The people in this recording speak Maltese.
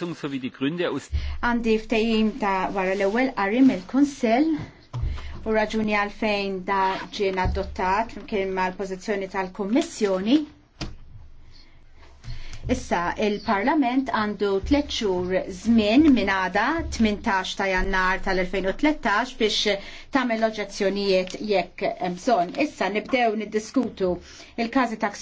Għandi ftejim ta' wara l-ewwel qarim il-Kunsell u raġuni għalfejn da ġien adottat ma mal pożizzjoni tal-Kummissjoni. Issa il-Parlament għandu tliet xhur żmien minn għada 18 ta' Jannar tal-2013 biex tagħmel oġġezzjonijiet jekk hemm bżonn. Issa nibdew niddiskutu il-każi ta'